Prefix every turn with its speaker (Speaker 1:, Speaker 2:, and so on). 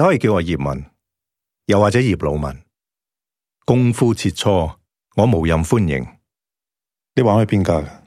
Speaker 1: 你可以叫我葉問，又或者葉老問。功夫切磋，我無任歡迎。你玩去邊家。